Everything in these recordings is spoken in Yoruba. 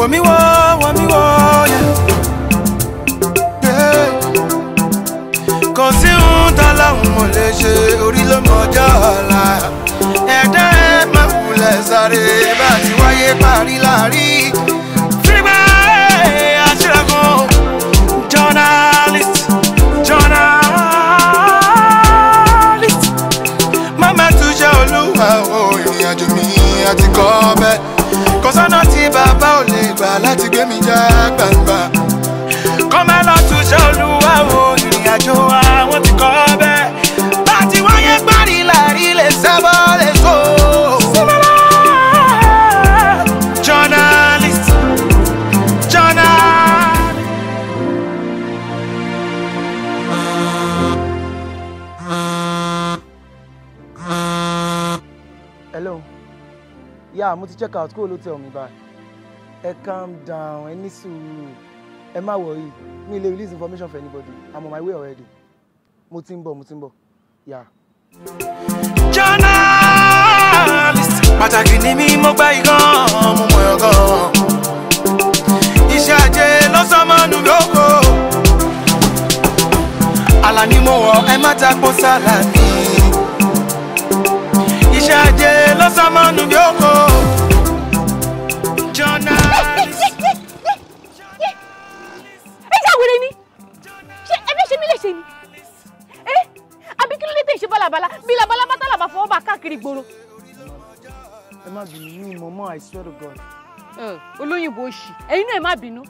wò mí wò wò mí wò yẹ. kò sí ohun tá láwọn mọ̀ lè ṣe orí ló mọ ọjọ́ ọ̀la ẹ̀dá ẹ̀ máa wulẹ̀ sáré journalist. a ti wáyé parí láàrí. àti ati bẹ́ẹ̀ sọ́nà tí bàbá ò lè gbà láti gbé mi já gbangba. kọ́ máa lọ olúwa o ìrìn àjò àwọn ti kọ́. Ah, mo ti check out kúrò ló omi báyìí ẹ calm down ẹ ní sùúrù ẹ má wọrí mi lè release information for anybody I'm on my way already mo ti ń bọ̀ mo ti ń bọ̀ yà. journalist pàtàkì ni mí mo gbá igán mo mọ̀ ọ́ gan-an iṣẹ́ ajé lọ́sọ̀mọ́nù lóko àlàní mo wọ̀ ẹ má ta kó sára mi iṣẹ́ ajé. Samanu Dioko. Journalist. Ẹja wèrè ni. Ṣé ẹbí ṣe mí lè ṣe ni? Ẹ àbí kí ló dé tẹ̀ ṣe bálabàla bí labalábá tálàbà fọwọ́ bá káàkiri gbòòrò. Ẹ má bínú ní ìmọ̀mọ́ I swear to God. Olóyìnbó òṣì, ẹ̀yin náà ẹ má bínú.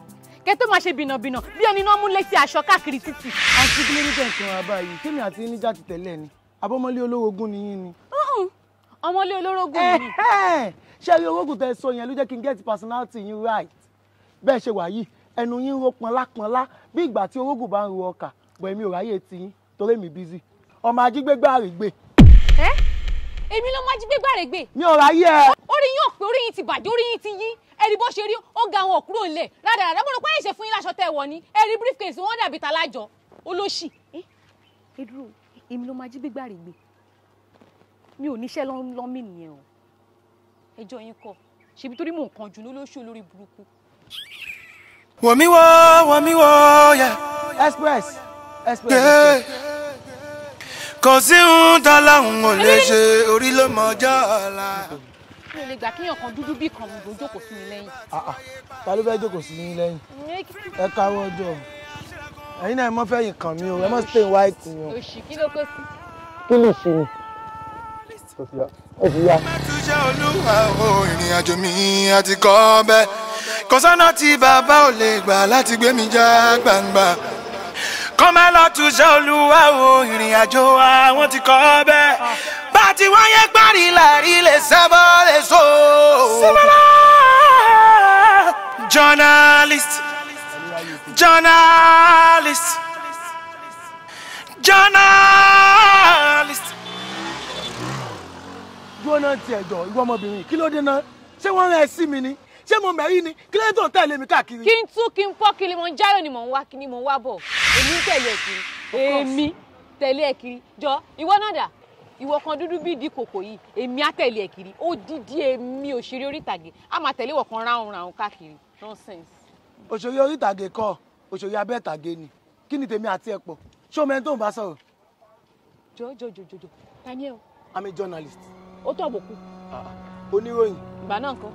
Kẹ tó máa ṣe bìnàbìnà bí ẹni náà mú létí aṣọ káàkiri títì. Àǹtí Gílẹ́rì bẹ̀rẹ̀ tí wọ́n bá yìí, Kémi àti Níjà ti tẹ̀lé ẹni, abọ́mọ́lé olówó ogún nìyí ni ọmọlé olórógùn eh, ni. Eh, ṣé rí orógùn tẹ sọ yẹn ló jẹ́ kí n get personality yín right bẹ́ẹ̀ ṣe wà yìí ẹnu yín ro pọnlápọnlá bí ìgbà tí orógùn bá ń ro ọkà bọ̀ èmi ò ráyè tí yín torí mi busy ọmọ ajígbégbá àrègbè. ẹ èmi ló máa jígbégbá àrègbè. mi ò ráyè ẹ. orí yín ò pé orí yín ti bàjẹ́ orí yín ti yí ẹ̀rí bó ṣe rí ó ga àwọn òkúrò ńlẹ̀ rádaràdà mo rò pé àyè fún yín láṣọ tẹ́ wọ̀ ni ẹ̀rí briefcase wọn dàbí talájọ olóṣì. ẹ eh, dúró èmi ló máa jígbégbá àrègbè mi ò níṣẹ́ lọ́mì nìyẹn o ẹjọ́ yín kọ̀ ṣebí torí mò ń kan jù ní olóṣù burúkú. wọ̀mí wọ́ wọ̀mí express express. kò sí ń ta láwọn ò lè ṣe orí ló mọ ọjọ́ ọ̀la. mi ò lè gbà kéèyàn kan dúdú bíi kan gbogbo jókòó sí mi lẹ́yìn. Ah, ah. ta ló fẹ́ jókòó sí mi lẹ́yìn ẹ káwọ́ ọjọ́ ẹ̀yin náà ẹ mọ́ fẹ́yìn kàn mí o ẹ mọ́ stay white mi o. òṣì kí ló kó sí. kí ló ṣe ni ó ti yá. mẹ́túnṣe olúwa o ìrìn àjò mi àti kọ́ bẹ́ẹ̀ kọ́sánná tí bàbá ò lè gbà láti gbé mi já gbangba kọ́mẹ́ lọ túnṣe olúwa o ìrìn àjò àwọn ti kọ́ bẹ́ẹ̀ bá ti wáyé parí láàrí lè sẹ́bọ̀ lè so. journalist journalist journalist náà tiẹ̀ jọ ìwọ ọmọbìnrin kí ló dé náà ṣé wọ́n rán ẹ sí mi ni ṣé mo mẹ̀rí ni kí ló tó ń tẹ̀lé mi káàkiri. kí n tú kí n pọ́ kiri mo ń járò ni mò ń wá kiri mò ń wá bọ̀ èmi ń tẹ̀lé ẹ kiri èmi tẹ̀lé ẹ kiri jọ ìwọ náà dà ìwọ kan dúdú bíi ìdí kòkò yìí èmi á tẹ̀lé ẹ kiri ó dídí èmi òṣèré orí á máa tẹ̀lé ìwọ kan ráhùn ráhùn káàkiri nonsense. òṣèré orí ìtàgé kọ́ òṣèré abẹ́ ìtàgé ni kí ni tèmi àti ẹ pọ̀ ṣé o mẹ́ni tó ń bá sọ̀rọ̀. I'm a journalist ó tó àbòkù. Ah, ah. oníròyìn. ìgbà náà kọ́.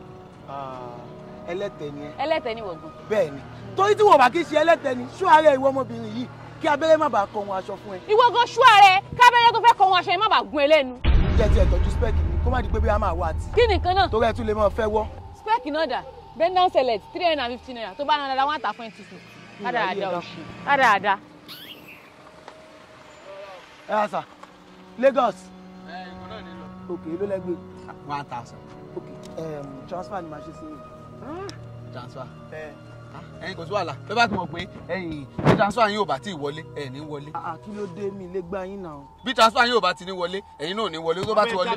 Ah, ẹlẹ́tẹ̀ ni ẹ. ẹlẹ́tẹ̀ ni wọ̀gbọ̀n. bẹ́ẹ̀ ni torí tí wọn bá kí ṣe ẹlẹ́tẹ̀ ni ṣó ara ìwọ ọmọbìnrin yìí kí abẹ́rẹ́ má bàa kọ ohun aṣọ fún ẹ. ìwọ gan ṣó ara ẹ kábẹ́rẹ́ tó fẹ́ kọ ohun aṣọ yẹn má bàa gun ẹlẹ́nu. jẹ́ ti ẹ̀tọ́jú spẹ́ẹ̀kì ni kó má di pé bí a máa wá àti. kí nìkan náà. torí ẹ tún lè máa fẹ́ wọ́. spẹ́ẹ̀kì náà dà bend down select three hundred and fifty naira tó bá náà dáadáa one thousand twenty six. dáadáa òṣì dáadáa. ẹ àṣà Lagos ok ló lẹ́gbẹ̀. one thousand. ok um, transfer ni màá ṣe sí ah. transfer. Eh ẹ̀yin kò sí wàhálà bẹ́ẹ̀ bá ti mọ̀ pé ẹ̀yin bí transfer yín ò bá ti wọlé ẹ̀yin ní wọlé. Ah, ah, kí ló dé mi lè gba yín náà. bí transfer yín ò bá ti ní wọlé ẹ̀yin náà ò ní wọlé tó bá ti wọlé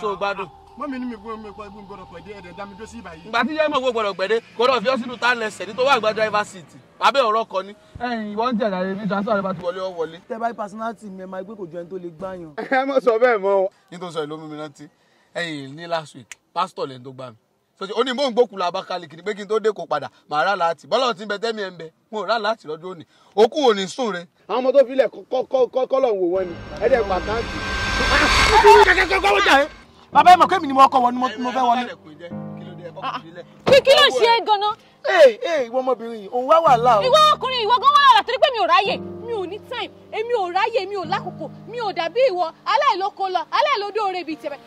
tó gbádùn. mọ́ mi ní mi gbọ́ mi gbọ́ gbọ́dọ̀ pẹ̀dé ẹ̀dẹ̀ dá mi dó sí ìbàyí. ìgbà tí yẹ́n mọ̀ gbọ́dọ̀ pẹ̀dé kò dọ̀ fi ọ́ sínú tá lẹ́sẹ̀ ní tó wà gba driver seat abẹ́ ọ̀rọ̀ kọ ni. ẹ̀yin ìwọ ń jẹ̀dá rẹ bí transfer rẹ bá ti wọlé ọ wọlé. tẹ bá personality mi ẹ máa gbé kò ju ẹni tó lè gbáyàn. ẹ mọ sọ bẹ́ẹ̀ mọ. nítorí sọ ìlú mi rántí ẹ̀yin ní last week pastor lẹ́ni tó gbà mí sọsẹ ó ní mò ń Abakaliki pé kí n tó dé padà màá rà láti bọ́lá ti ń bẹ tẹ́mi ẹ̀ ń bẹ wọn rà láti lọ́jọ́ òní òkú ò sùn re. àwọn ọmọ tó filẹ̀ kọ́lọ̀ wò wọ́n ni ẹ̀dẹ̀ pàtàkì. bàbá ẹ̀ mọ̀ pé ni mo kọ́ wọ ni mo Ah, ah. kí ló ń ṣe é ganan. ee ee ìwọ ọmọbìnrin yìí òun wá wàhálà o. ìwọ ọkùnrin ìwọ gan wàhálà torí pé mi ò ráyè mi ò ní time èmi ò ráyè mi ò lákòókò mi ò dàbí ìwọ aláìlóko lọ aláìlódó oore bíi tẹ̀mẹ̀.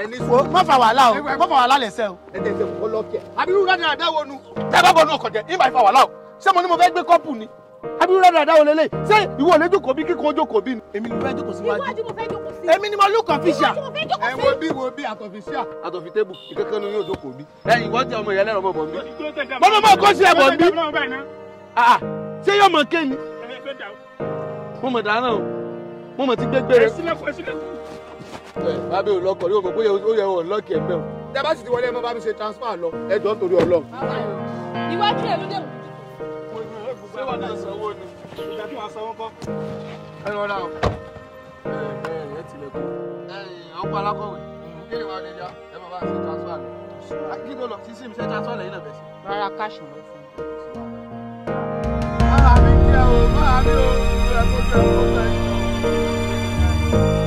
ẹni sọ má fa wàhálà o má fa wàhálà lẹ́sẹ̀ o. ẹni ẹsẹ̀ kò lọ́ọ̀kẹ́ àbí rúra ni àdáwọ̀ nu tẹ́ bọ̀ nù ọkọ̀ jẹ́ ìbá ìfa wàhálà o ṣé mo ní mo fẹ́ gbé kọ́pù ni abirúra dàda ò lélẹ̀ ṣé ìwọ ò lè jókòó bí kíkọ́ jókòó bí. èmi ni mo fẹ́ jókòó síwájú. ìwájú mo fẹ́ jókòó sí. èmi ni mo lù kọ́fíṣà. ẹ wo bí wo bí àtọ̀fíṣà. àtọ̀fí tébù ìkẹ́kẹ́ ni yóò jókòó bí. ẹ ìwọ jẹ ọmọ ìyẹlẹ́rọ ọmọ bọ̀ mí. mọ́mọ́ mọ́ kó sí ẹ̀bọ̀ mí. Ah, ah. ṣé yóò mọ̀ kéènì. mo mọ̀ dáná o mo mọ̀ ti gbégbére. bábí ò lọkọ̀ yóò mọ̀ bóyá ó yẹ ọ̀ lọ́ọ̀kì ẹ̀ mẹ́ o. tẹ bá sì ti wọlé ẹ mọ bá mi ṣe transfer lọ ẹ jọ nítorí Ọlọ́run. ìwájú ẹ̀ ló dé táwọn náà sanwó ni ìjà tí o ẹ ẹ ẹ tilẹ̀kùn. alákọ̀wé kí wàá lè yá ẹ máa bá ṣe transfer kí ló lọ sí sí mi ṣe transfer lẹ́yìn náà bẹ̀ sí. rárá káàṣì ló fún mi. máa mi jẹ́ o máa mi ò ìrẹ́kọ̀ọ́ jẹ́ o ó bẹ̀rẹ̀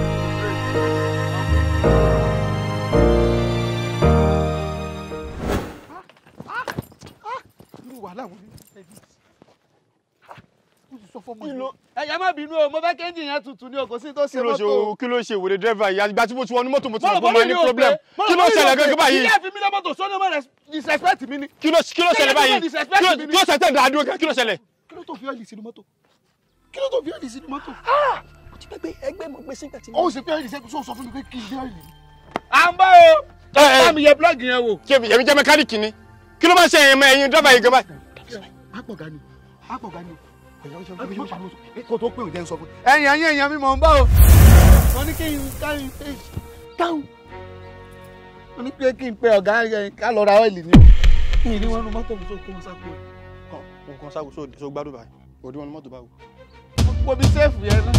yẹn tutù ní òkò sí tó ṣe mọ́tò. kí ló ṣe wèrè dẹ́rẹ́fà yìí àgbà tí mo ti wọnú mọ́tò mo ti mọ̀ pé mo ní problem kí ló ṣẹlẹ̀ gẹ́gẹ́ báyìí. ilé ìfimi lọ́mọ́tò sọ́ni ọmọ rẹ̀ disrespect mi ni. kí ló ṣẹlẹ̀ báyìí kí ló ṣẹlẹ̀ dáadó kẹ́ kí ló ṣẹlẹ̀. kí ló tó fi ọ́ìlì sínú mọ́tò kí ló tó fi ọ́ìlì sínú mọ́tò. Ah! Ah! ó ti gbẹgbẹ ẹgbẹ mọ gbèsè gbà tí. ó sì fi ọ́ìlì sẹ́kù sọ o. ẹ eh, ẹ eh. bá mi yẹ blọọgì yẹn wò. kí kó tó pé òjẹ́ ń sọ fún ẹ̀yìn ẹ̀yìn ẹ̀yìn mi mọ̀ ń bá o wọ́n ní kí n káyìn fèsì dáhùn wọ́n ní pé kí n pe ọ̀gá ká lọ ra ọ́ìlì ni kí n ní wọn nu mọ́tò mi sóko wọn sáko kàn nǹkan sáko sóò gbádùn báyìí òdi wọn nu mọ́tò báwo. gbogbo mi sẹ́ẹ̀fù yẹn náà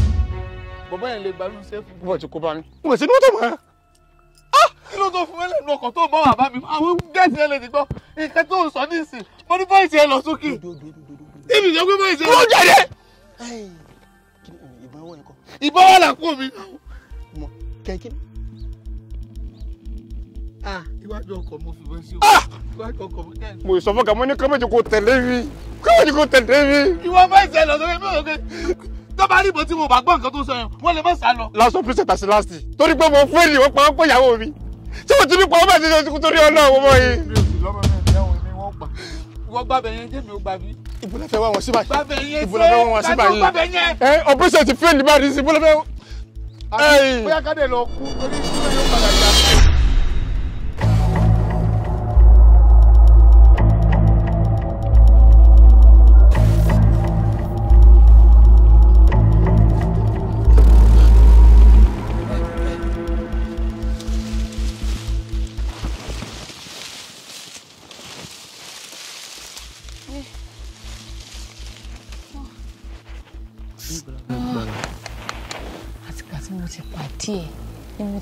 bọ̀bọ́ yẹn lè gbádùn sẹ́ẹ̀fù bọ̀ ti kó bá mi. mo sì ní mọ́tò mọ́ kí ló tó fún ẹ lẹ́nu ọkọ̀ tó bọ́ wà bá mi àwọn gẹ́ẹ̀sì ẹ lè ti gbọ́ nǹkan tó ń sọ nísìnyí mo ní bọ́ìsì ẹ lọ sókè tèmi sọ pé báyìí ṣe. wọ́n jáde. ìbọn ọwọ́ yẹn kọ́. ìbọn ọwọ́ làkú mi. mọ kẹ́kí. Ah, iwájú ọkọ̀ mo fi bẹ́ẹ̀ sí o. Ah! iwájú ọkọ̀ mo kẹ́. mo sọ fún kàmú ní kọ́mẹ́jì kò tẹ̀lé mi kọ́mẹ́jì kò tẹ̀lé mi. ìwọ bẹ́ẹ̀ ṣe lọ sókè bẹ́ẹ̀ òkè tọ́ba rí ibo tí mo bá gbọ́ nǹkan tó sọ yẹn wọ́n lè má sá lọ. lásán pírísẹ̀ tàṣí láti torí pé mo fún èlì wọ́n pa wọ́n pọ̀ ìyàwó mi ṣé mo ti ní pa wọ́n bẹ́ẹ̀ ṣe ṣe torí ọlọ́run wọ́n yìí. mi ò sì lọ́mọ mẹ́rin ẹ̀wọ̀n ni wọ́n pa wọ́n gbàbẹ̀ yẹn jẹ́mi ò gbàbí. ìbúlẹ̀ fẹ́ wá wọn sí báyìí. gbàbẹ̀ yẹn ṣe láti gbàbẹ̀ yẹn. ẹ operation ti fail báyìí sí ìbúlẹ̀ fẹ́. àbí bóyá ká dẹ̀ lọ kú torí ìṣúná yóò padà jà.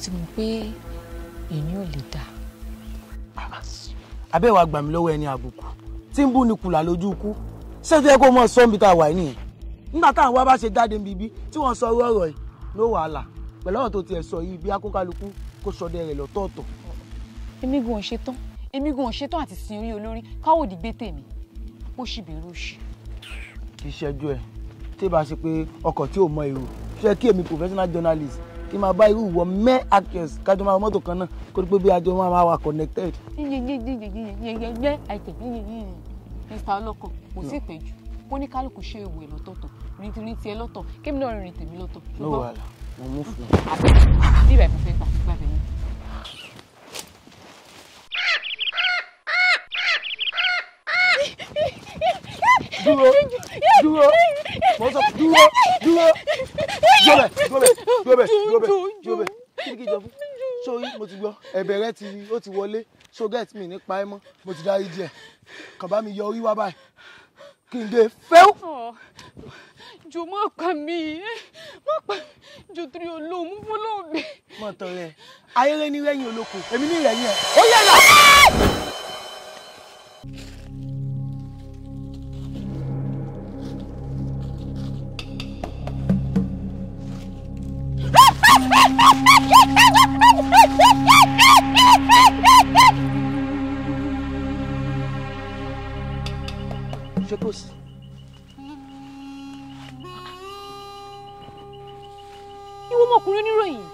ti mọ̀ pé èmi ò lè dà. abẹ́wàá gbà mí lọ́wọ́ ẹni àbùkù tí ń bú ni kùlà lójú ikú ṣé fẹ́ kó mọ sọ́ọ́nbi tá a wà nìyẹn nígbà táwọn wá bá ṣe jáde níbi tí wọ́n sọ ọ̀rọ̀ ọ̀rọ̀ yìí ló wàhálà pẹ̀lú ọ̀rọ̀ tó tiẹ̀ sọ yìí bí akókálukú kó sọdẹ rẹ̀ lọ́tọ̀ọ̀tọ̀. èmi gan ò ṣetán èmi gan ò ṣetán àti sin orí olórí káwọ́ òdìgbé tèmi ó sì bẹ̀rù òṣì. kì í ṣẹ́jú ẹ̀ tí ì bá ṣe pé ọkọ̀ tí ò mọ èrò ṣe kí èmi professional journalist kí n máa bá irú ìwọ mẹ́ actions kájọ máa mọ́tò kan náà kó tó bí ajọ máa máa wà connected. yẹyẹyẹyẹyẹ àìtẹ mr ọlọ́kàn kò sí ìpẹ́jù kó ní kálukú ṣe ìwé lọ́tọ̀ọ̀tọ̀ rìntìrìn tiẹ̀ lọ́tọ̀ kémi náà rìn tèmi lọ́tọ̀. ló wà á mú fún un. bíbẹ̀ mo gbà gbà bẹ̀rẹ̀. dúró dúró mo sọ dúró dúró dúró bẹ dúró bẹ dúró bẹ dúró bẹ kí ni kí n jẹ fún sórí mo ti gbọ́ ẹ̀bẹ̀ rẹ ti ó ti wọlé so get me nípa ẹ mọ́ mo ti dárí díẹ̀ kàn bá mi yọ orí wá báyìí kí n dé fẹ́ù. jù mọ́ pa mí mọ́ pa jù torí olóhùn fún olóhùn mi. mọ̀tọ̀ ayẹyẹ ní rẹ́yìn olóko èmi ní ìrẹ̀yìn ẹ̀ ó yẹ̀ là. Rose. ìwọ ọmọkùnrin oníròyìn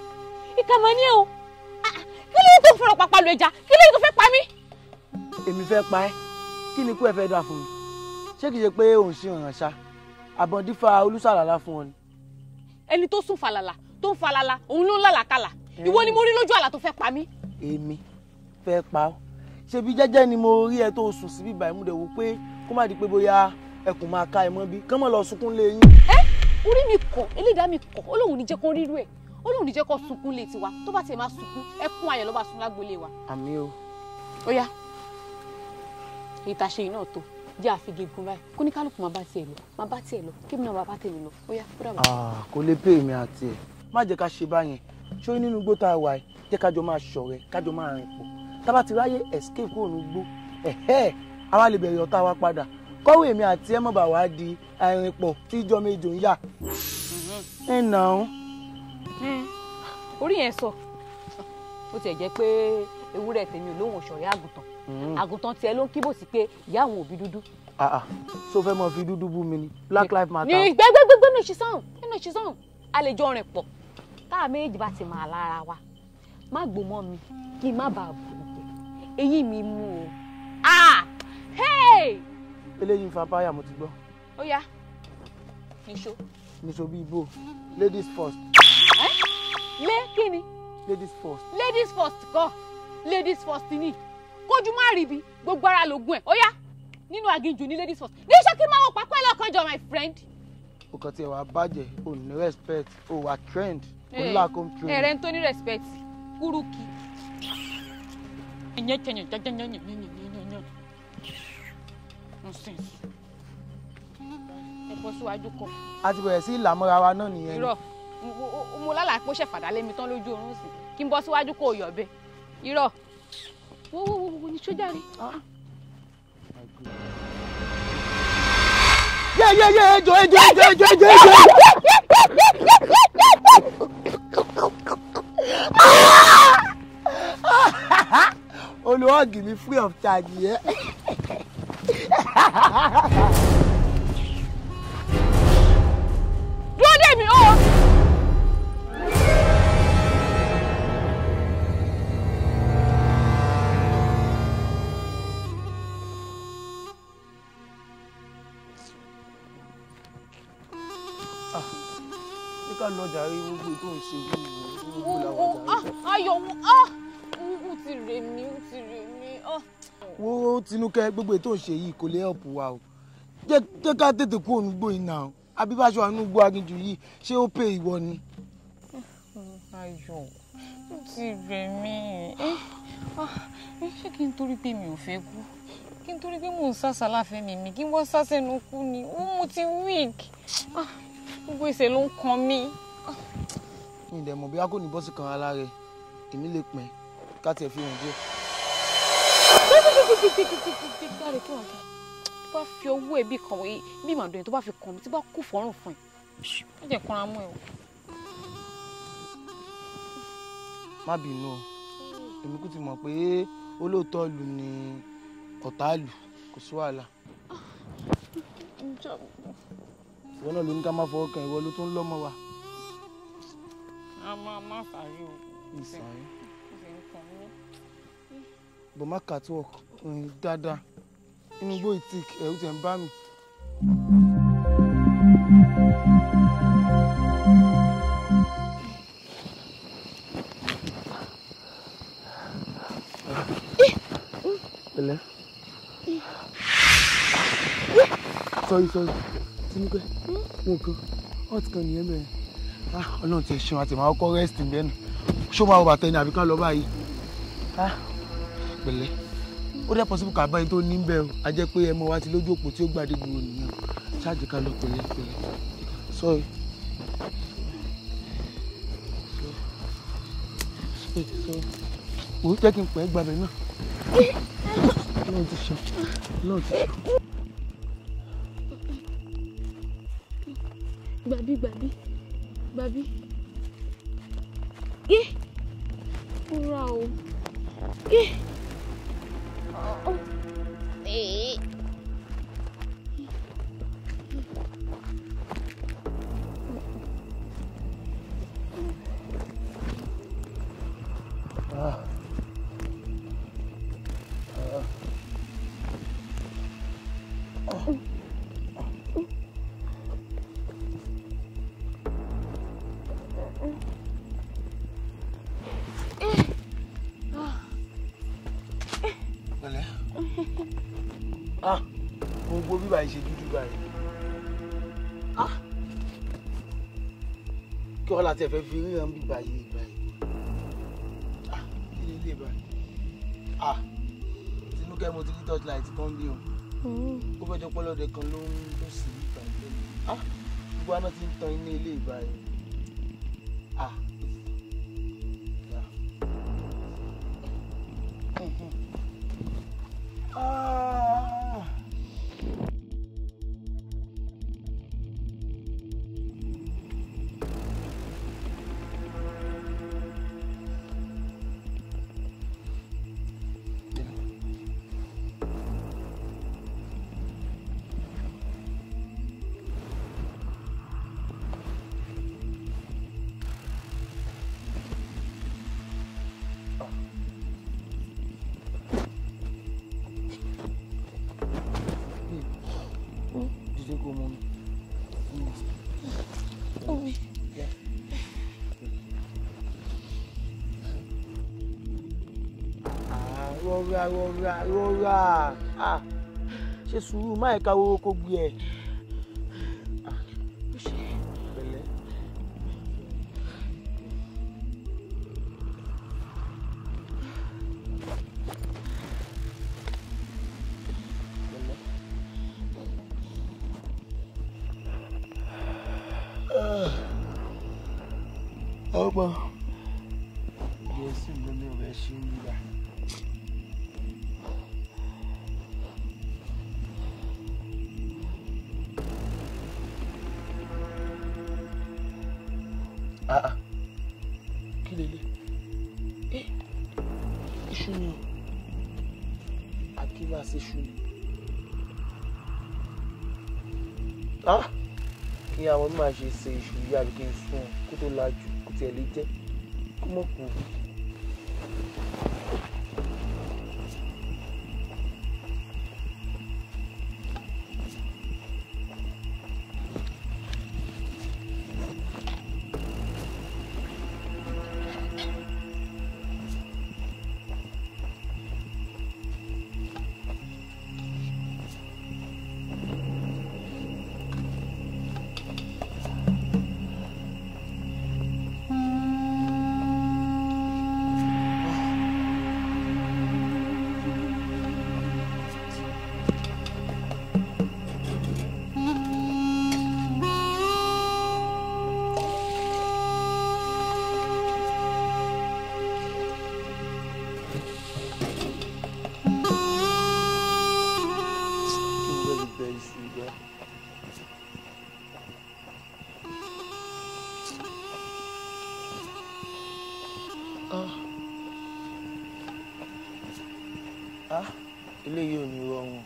ìkà mà ni ẹ́ o ah, ah, kí ló ń tó fọ̀rọ̀ pàpà lọ ẹja kí ló ń tó fẹ́ pa mí. èmi fẹ́ pa ẹ́ kí ni ikú ẹ da dà fún mi ṣé kìí ṣe pé òun ṣe ọ̀ràn ṣá àbọ̀ndífà olùsàlàlà fún ọ ni. ẹni tó sùn falala to falala òun ló ń làlàkalà ìwọ ni mo rí lójú àlá to fẹ́ pa mí. èmi fẹ́ pa ọ́ ṣebí jẹ́jẹ́ ni mo rí ẹ tó sùn síbí báyìí mú dẹ̀ wò pé kó má di pé bóyá ẹkùn máa ka ẹ mọ́ bí kán mọ́ lọ sunkún lé yín. ẹ orí mi kọ elédàá mi kọ Ọlọ́hun ní jẹ́ kó rírú ẹ̀ Ọlọ́hun ní jẹ́ kó sunkún lé tiwa tó bá tiẹ̀ máa sunkún ẹkún ayọ̀ ló bá sun lágbolé wa. àmín o. ó yá ìtàṣe yìí náà tó jẹ́ àfigegun báyìí kó ní kálukú máa bá tiẹ̀ lọ máa bá tiẹ̀ lọ kébì náà máa bá tèmi lọ ó yá kó dàbọ̀. kò lè pè mí àti ẹ má jẹ́ ká ṣe báyẹn ṣó nínú igbó tá a wà yìí jẹ́ kájọ máa ṣọ̀rẹ́ kájọ máa rìn pọ̀ tábà ti ráyè escape kúrò ní gbó ẹ̀hẹ́ àwa lè bẹ̀rẹ̀ ọ̀tá wa padà kọ́wé èmi àti ẹ̀ mọ̀bà wá di àìrìn pọ̀ tí ìjọ méjò ń yà. ẹ nà án. Hmm. orí yẹn sọ ó tiẹ̀ jẹ́ pé ewúrẹ́ tèmi ò lóhùn ọ̀ṣọ̀rẹ́ àgùntàn hmm. àgùntàn tiẹ̀ ló ń kíbò sí pé ìyá àwọn òbí dúdú. so fẹ́ mọ fi dúdú bú mi ni black lives matter. ní gbẹgbẹgbẹ nínú ìṣisáhùn nínú ìṣisáhùn a lè jọ rìn pọ̀ táà méjì bá ti máa lára wa má gbó mọ́ mi kí n má bàa bù eyín mi mú o ah hey. eléyìí ń fa báyà mo ti gbọ́. ó yá níṣó. níṣó bíi ibo ladies first. ẹ lé kí ni. ladies first. ladies first kọ́ ladies first ni kójú má rí bi gbogbo ara lògùn ẹ ó yá nínú aginjù ní ladies first ní iṣẹ́ kí n máa wọ pápá ẹlọ́kan jọ my friend. o kàn ti ẹ̀ wá bàjẹ́ o ní respect o wà trend o ní eh, làákó trend. ẹ̀rẹ̀ ń tó ní respect kúrúkì Нянь, нянь, a ti bẹ̀rẹ̀ sí ìlàmọ́ra wa náà nìyẹn. irọ́ mo lálàá pé ó ṣẹ̀fàdà lémi tán lójú oorun sí kí n bọ́ síwájú kó o yọ̀ bẹ́ẹ̀ irọ́ wo wo wo wo ni sójà rí. Ah. yé yé yé ejò ejò ejò ejò ejò ejò. olùhọ́ọ̀gì mi free of charge yẹ. dúró dè mí o. ká lọ jàre gbogbo ètò ìṣègùn ìwò gbogbo làwọn ti rè mí ó ti rè mí. Ah. wo tinúkẹ́ gbogbo ètò ìṣe yìí kò lè help wa o jẹ́ ká tètè kú ònúgbò yìí náà abíbáṣọ àánúgbò aginjù yìí ṣé ó pè ìwọ ni. ayọ̀ ó ti rè mí eh, ah, eh, ṣé kí n torí pé mi ò fẹ́ kú kí n torí pé mò ń sàṣà láfẹ́ mi mi kí n wọ́n sàṣẹ́nu kú ni ó mo ti weak ah, gbogbo ìṣẹ̀ ló ń kan mí. ǹdẹ̀ mọ̀ bí a kò ní bọ́sì kan ara rẹ̀ èmi lè pẹ́ ká tiẹ̀ fi rìn dé. tó bá fi owó ẹbí kan wí bí màdùn tó bá fi kàn mí tí bá kú fọ́rùn fún ẹ má jẹ́ kọ́ra mú ẹ o. má bínú o èmi kú ti mọ̀ pé olóòótọ́ lù ní ọ̀tá lù kò sí wàhálà. ìwọ náà ló ní ká má fọwọ́ kan ìwọ ló tún lọ́mọ wa. a máa má sáré o. ìsáré but má kà tó ọkùnrin mm, dáadáa inú igbó ìtìk ẹ̀rù tẹ̀ ń bá mi. Pẹ̀lẹ́. Sorry sorry. Tinúkẹ́. Mo kan. Hot kan nìyẹn bẹ̀rẹ̀. Ah, Ọlọ́run ti ṣeun àti màá kọ́ rest bẹ́ẹ̀ nù. Ṣé máa wọ bàtà ẹni àbí lọ báyìí? Ah pẹ̀lẹ́ ó dẹ́ pọ̀sibú ká bá tó ní bẹ́ẹ̀ o a jẹ́ pé ẹmọ wa ti lójú òpó tí ó gbàdé gbòòrò nìyẹn ṣáàjì ká lọ pẹ̀lẹ́ pẹ̀lẹ́ sorry. òun jẹ́ kí n pẹ́ gbàbẹ̀ náà náà ti ṣe náà ti ṣe. gbàbí gbàbí gbàbí gé ó ra gé. báyìí ṣe dúdú báyìí ah! kí ọ̀la tẹ̀ fẹ́ fi ríran bí báyìí báyìí ah! kí ni ilé báyìí ah! tinúkẹ́ mo ti rí torchlight kan bí o mm. ó fẹ́ jọ pọ́lọ́dẹ kan ló ń lọ sí ìgbà ìgbẹ́ gbogbo aná ti ń tan iná ilé ìbáyìí. rọra rọra rọra ah, ṣe sùúrù má ẹ̀ka owó kó gbé ẹ̀. Oh, well. má ṣe ṣe iṣu yá àbí kí n sún kó tó lajú kó tiẹ̀ lè jẹ́ kó mọ̀ kú. eléyìí ò ní rọrùn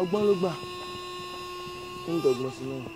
ọgbọ́n ló gbà ń dọ̀gbọ́n sí náà.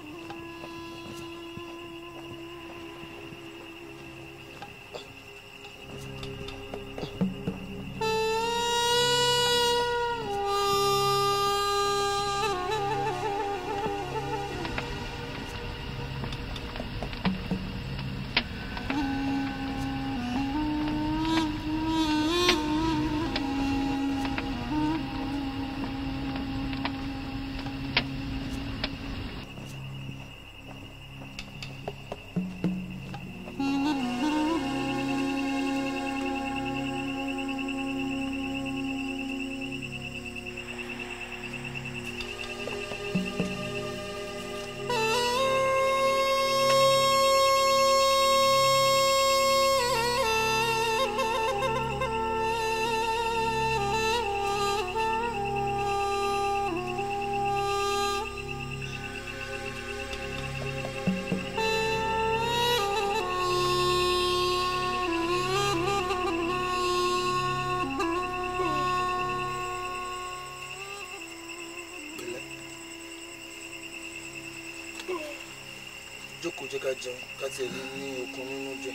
jókòó jẹ́ ká jẹun ká tiẹ̀ lè ní okun nínú jẹ.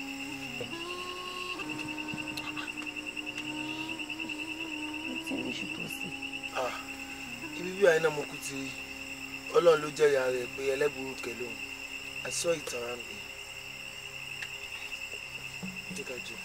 Ah, ibi bí àyínà mo kú ti ọlọ́run ló jẹ́ ìyá rẹ̀ pé ẹlẹ́gbẹ̀rún kẹlẹ́ òun àìsàn ìtara mi. jẹ́ ká jẹun.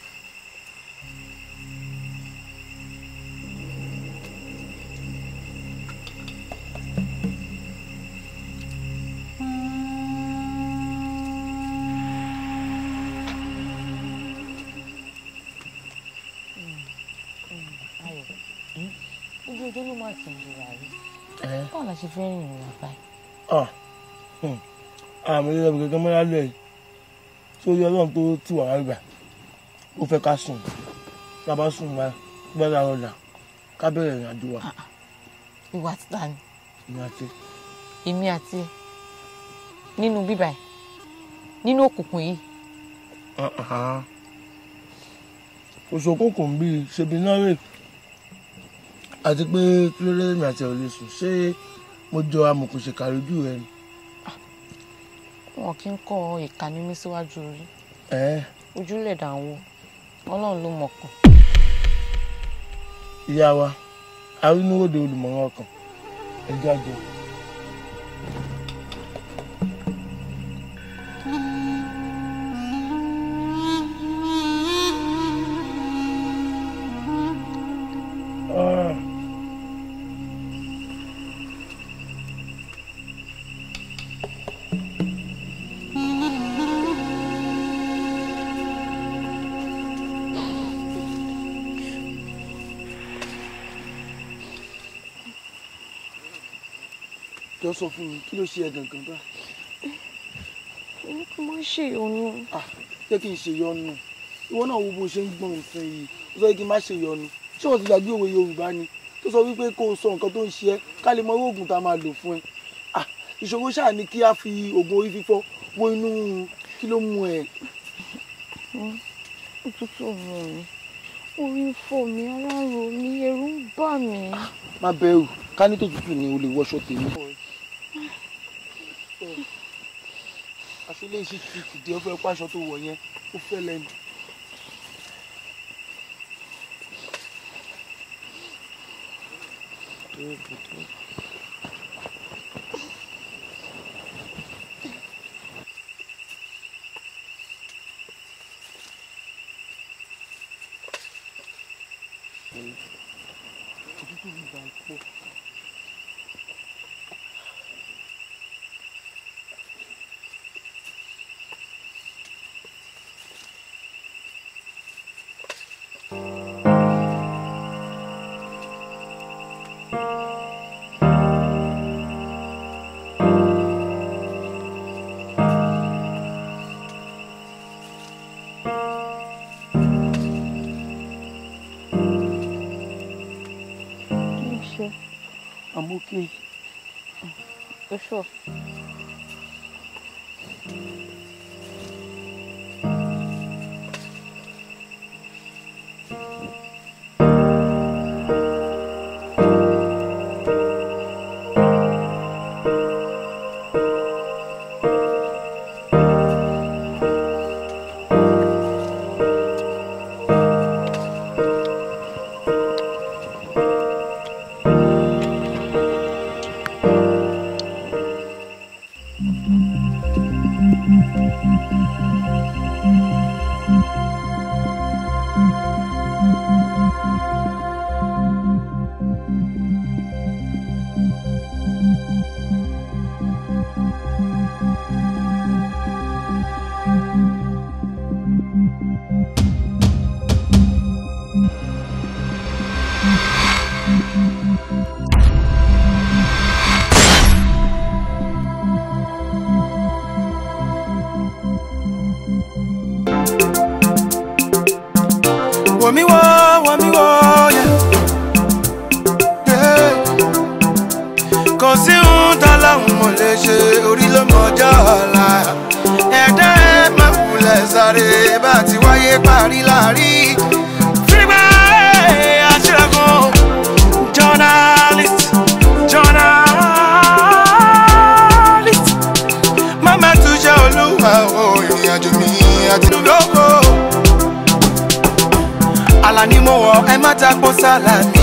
la ṣe fẹ́ rìn ìrìn àbáyé. àmọ́ ìlú ọ̀gbìn gẹ́gẹ́ mọ́lá lẹ̀ sórí ọlọ́run tó ti wà lágbà ó fẹ́ ká sùn tá a bá sùn wá gbọ́dọ̀ ọ̀la ká bẹ̀rẹ̀ ìrìn àjò wa. Ah, ah. ìwà títa ni. èmi àti. èmi àti nínú bíbá yìí nínú òkùnkùn yìí. Ah, òṣòkùnkùn bíi ṣebi náà rèé àti pé kí ló lẹ́yìn àti ọ̀lẹ́ sùn ṣé mo jọ amòkùnṣèkà lójú rẹ ni. wọn kì í kọ ìka ní mi síwájú orí ojúlẹ̀ dà ń wo ọlọ́run ló mọ̀kàn. ìyá wa arínúròde olùmọ̀ràn ọkàn ẹ̀jẹ̀ àjọ. jọ sọ fún mi kí ló ṣe ẹ gangan bá. èmi kò mọ ṣe ìyọnu. Ah, jẹ́ kí n ṣe ìyọnu ìwọ náà wo bó ṣe ń gbọ́n nǹkan yìí ó sọ kí n má ṣe ìyọnu ṣé wọ́n ti gbàgbé òwe Yorùbá ni tó sọ wípé kó o sọ nǹkan tó ń ṣe ẹ́ ká lè mọ owó oògùn tá a máa lò fún ẹ. Ah, ìṣòro ṣáà ni kí a fi oògùn orí fífọ́ wo inú kí ló mú ẹ. òtútù mú mi orí ń fò mí ara ń ro mí ẹ̀rù ń bà mí. má bẹ̀rù ká ní tòtútù ni o lè wọṣọ tèmi àfi lè ṣe ti fìdí ọfẹ pàṣọ tó wọ yẹn ó fẹ́ lẹ́nu. Thank you. мокрий. А мокрий. tako salami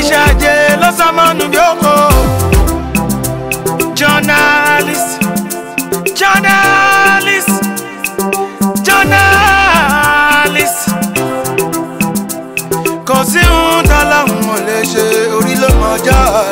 ìṣàjẹ lọ́sàmọ́nù bí ó kọ́ journalist journalist journalist kò sí ń tọ́lá òun ò lè ṣe orí ló mọjọ́ rẹ̀.